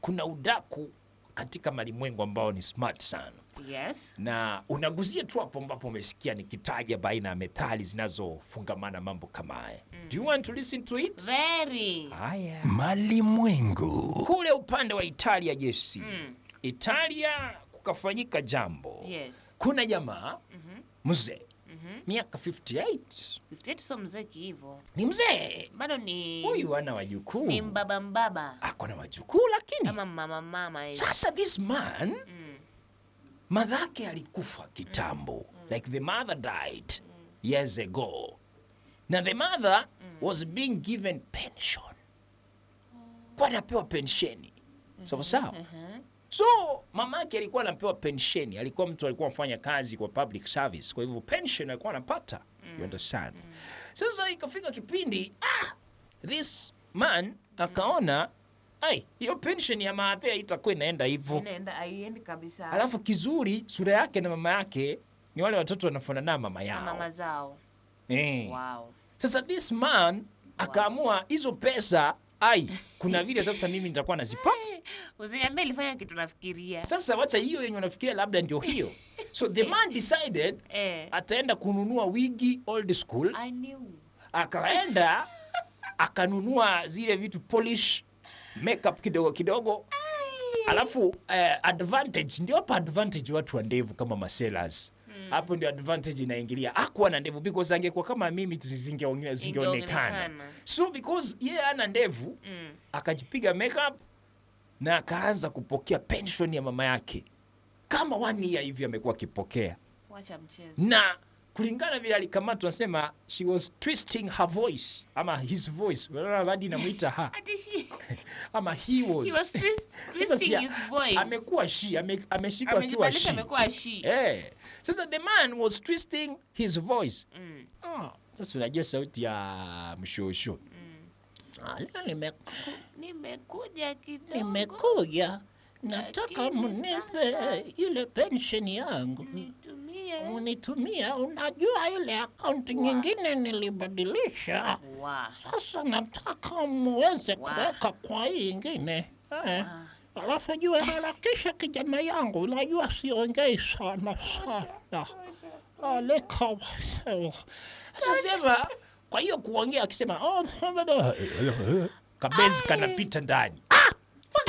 kuna udaku katika malimwengu ambao ni smart sana. Yes. Na unaguzia tu hapo ambapo umesikia nikitaja baina ya methali zinazofungamana mambo kama haya. Mm. Do you want to listen to it? Very. Haya. Malimwengu. Kule upande wa Italia jeshi. Mm. Italia kukafanyika jambo. Yes. Kuna jamaa mm -hmm. mzee mm-hmm. miaka 58. 58 so mzee kiivo. Ni mzee. Bado ni Huyu ana wajukuu. Ni mbaba mbaba. Ako na wajukuu nini mama mama. Sasa this man mm. madhake alikufa kitambo mm. mm. like the mother died mm. years ago na the mother mm. was being given pension oh. kwa anapewa pensheni sawa sawa uh-huh. so mamake alikuwa anapewa pensheni alikuwa mtu alikuwa anafanya kazi kwa public service kwa hivyo pension alikuwa anapata mm. you understand mm. sasa ikafika kipindi ah, this man akaona mm ai, hiyo pension ya Maathea itakuwa inaenda hivyo, inaenda haiendi kabisa. Alafu kizuri, sura yake na mama yake ni wale watoto wanafanana mama yao mama zao eh. Wow. Sasa this man wow, akaamua hizo pesa ai, kuna vile sasa mimi nitakuwa nazipa. Usiniambie ilifanya kitu nafikiria. Sasa wacha hiyo yenye unafikiria labda ndio hiyo. So the man decided eh, ataenda kununua wigi old school. I knew. Akaenda akanunua zile vitu polish makeup kidogo kidogo alafu uh, advantage ndio hapa advantage watu wa ndevu kama masellers hmm. hapo ndio advantage inaingilia akuwa na ndevu because angekuwa kama mimi zingeonekana so because yeye yeah, ana ndevu mm. akajipiga makeup na akaanza kupokea pension ya mama yake kama one year hivi amekuwa akipokea na kulingana vile alikamatwa, tunasema she was twisting her voice ama his voice, badi namuita ha ama he was, he was twist, twisting his voice. Amekuwa she ame, ameshika akiwa she amekuwa she eh. Sasa the man was twisting his voice mm. Oh, sasa unajua sauti ya mshosho mm. Ah, leo nime nimekuja kidogo nimekuja nataka mnipe ile pension yangu mm unitumia. Unajua ile akaunti nyingine nilibadilisha Sasa nataka muweze kuweka kwa hii ingine eh. Alafu jua harakisha kijana yangu, unajua siongei sana sana alika sasema. Kwa hiyo kuongea akisema oh, eh, eh, eh, kabezi kanapita ndani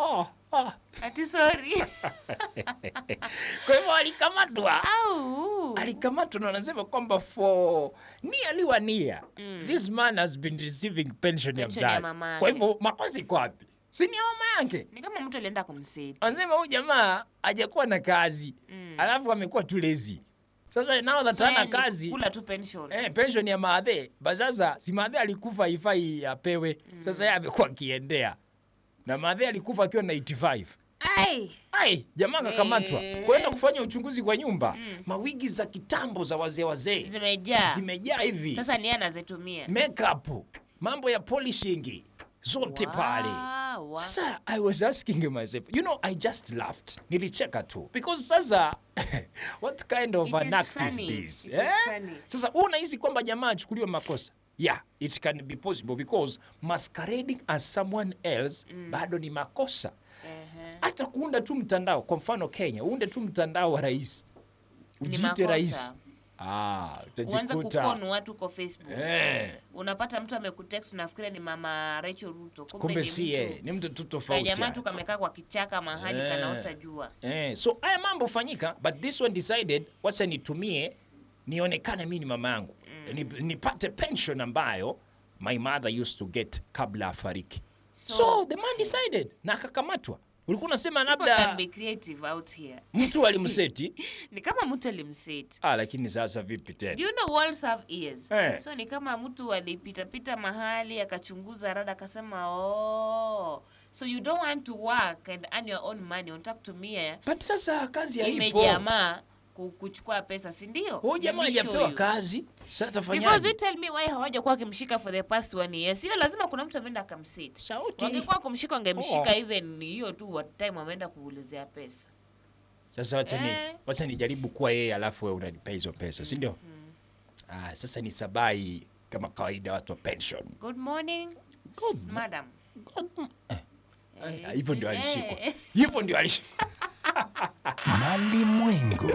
Oh, oh, Ati sorry. Kwa hivyo alikamatwa, alikamatwa na anasema kwamba for nearly one year mm. this man has been receiving pension ya mzazi. Kwa hivyo makosi iko wapi? Si ni mama yake, ni kama mtu alienda kumseti. Anasema huyu jamaa hajakuwa na kazi mm. alafu amekuwa tu lazy sasa nao natana kazi kula tu pension. Eh, pension ya maadhe basasa si maadhe alikufa ifai apewe. Mm. Sasa yeye amekuwa akiendea na madhe alikufa akiwa 95. Ai. Ai, jamaa kakamatwa eh. kwenda kufanya uchunguzi kwa nyumba mm. Mawigi za kitambo za wazee wazee zimejaa zimejaa hivi sasa, ni anazitumia makeup, mambo ya polishing zote wow, pale wow. Sasa I was asking myself, you know, I just laughed, nilicheka tu because sasa what kind of an act is this eh? Sasa unahisi kwamba jamaa achukuliwe makosa yeah it can be possible because masquerading as someone else mm. bado ni makosa hata uh -huh. kuunda tu mtandao kwa mfano Kenya uunde tu mtandao wa rais ujiite rais Ah, utajikuta kukonu watu kwa Facebook eh. Unapata mtu amekutext unafikiria ni mama Rachel Ruto, kumbe, kumbe ni mtu tu tofauti. Jamaa kwa kichaka mahali eh. kanaota jua eh. So haya mambo fanyika, but this one decided wacha nitumie nionekane mimi ni mama yangu mm. nipate pension ambayo my mother used to get kabla afariki so, so the man decided na akakamatwa ulikuwa unasema labda mtu alimseti ni kama mtu alimseti ah, lakini sasa vipi tena you know walls have ears eh. so ni kama mtu alipitapita mahali akachunguza rada akasema oh so you don't want to work and earn your own money unataka kutumia but sasa kazi haipo jamaa kuchukua pesa, si ndio? Huyu jamaa hajapewa kazi, sasa tafanyaje? Because you tell me why kwa kimshika for the past one year. Sio lazima kuna mtu ameenda akamsit. Sauti. Wangekuwa kumshika wangemshika oh. Even hiyo tu what time ameenda kuulizia pesa. Sasa acha ni eh. Wacha nijaribu kuwa yeye alafu wewe unanipa hizo pesa, si ndio? Mm -hmm. Ah, sasa ni sabai kama kawaida watu wa pension. Good morning. Good madam. Good. Hivyo eh. eh. Ah, ndio alishikwa. Hivyo ndio alishikwa. Eh. Malimungo.